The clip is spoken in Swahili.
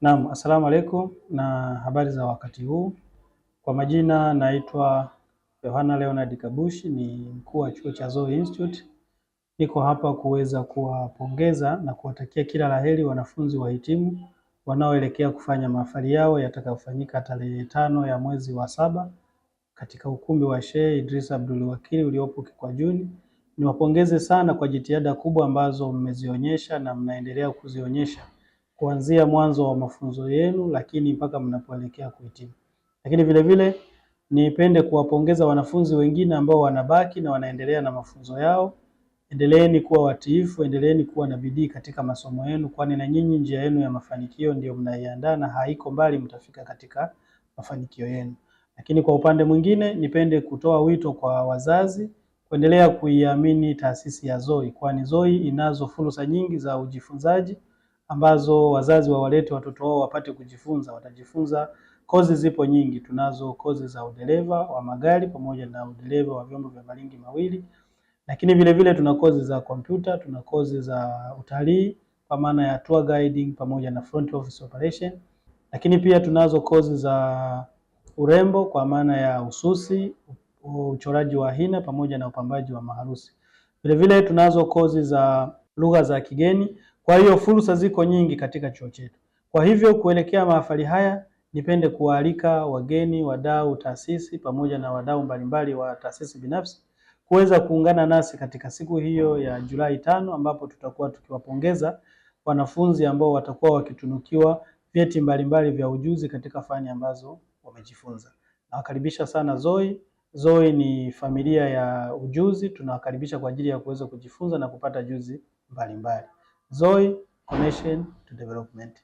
Naam, assalamu alaikum na habari za wakati huu. Kwa majina naitwa Yohana Leonard Kabushi, ni mkuu wa chuo cha Zoe Institute. Niko hapa kuweza kuwapongeza na kuwatakia kila laheri wanafunzi wahitimu wanaoelekea kufanya mahafali yao yatakayofanyika tarehe tano ya mwezi wa saba katika ukumbi wa Sheikh Idris Abdul Wakili uliopo Kikwajuni. Niwapongeze sana kwa jitihada kubwa ambazo mmezionyesha na mnaendelea kuzionyesha kuanzia mwanzo wa mafunzo yenu, lakini mpaka mnapoelekea kuhitimu. Lakini vile vile nipende kuwapongeza wanafunzi wengine ambao wanabaki na wanaendelea na mafunzo yao. Endeleeni kuwa watiifu, endeleeni kuwa na bidii katika masomo yenu, kwani na nyinyi njia yenu ya mafanikio ndiyo mnaiandaa na haiko mbali, mtafika katika mafanikio yenu. Lakini kwa upande mwingine, nipende kutoa wito kwa wazazi kuendelea kuiamini taasisi ya ZOI, kwani ZOI inazo fursa nyingi za ujifunzaji ambazo wazazi wawalete watoto wao wapate kujifunza. Watajifunza, kozi zipo nyingi. Tunazo kozi za udereva wa magari pamoja na udereva wa vyombo vya maringi mawili, lakini vile vile tuna kozi za kompyuta, tuna kozi za utalii kwa maana ya tour guiding pamoja na front office operation, lakini pia tunazo kozi za urembo kwa maana ya ususi, uchoraji wa hina pamoja na upambaji wa maharusi. Vilevile tunazo kozi za lugha za kigeni kwa hiyo fursa ziko nyingi katika chuo chetu. Kwa hivyo kuelekea mahafali haya, nipende kuwaalika wageni, wadau, taasisi pamoja na wadau mbalimbali wa taasisi binafsi kuweza kuungana nasi katika siku hiyo ya Julai tano ambapo tutakuwa tukiwapongeza wanafunzi ambao watakuwa wakitunukiwa vyeti mbalimbali vya ujuzi katika fani ambazo wamejifunza. Nawakaribisha sana ZOI. ZOI ni familia ya ujuzi, tunawakaribisha kwa ajili ya kuweza kujifunza na kupata juzi mbalimbali. Zoe Connection to Development.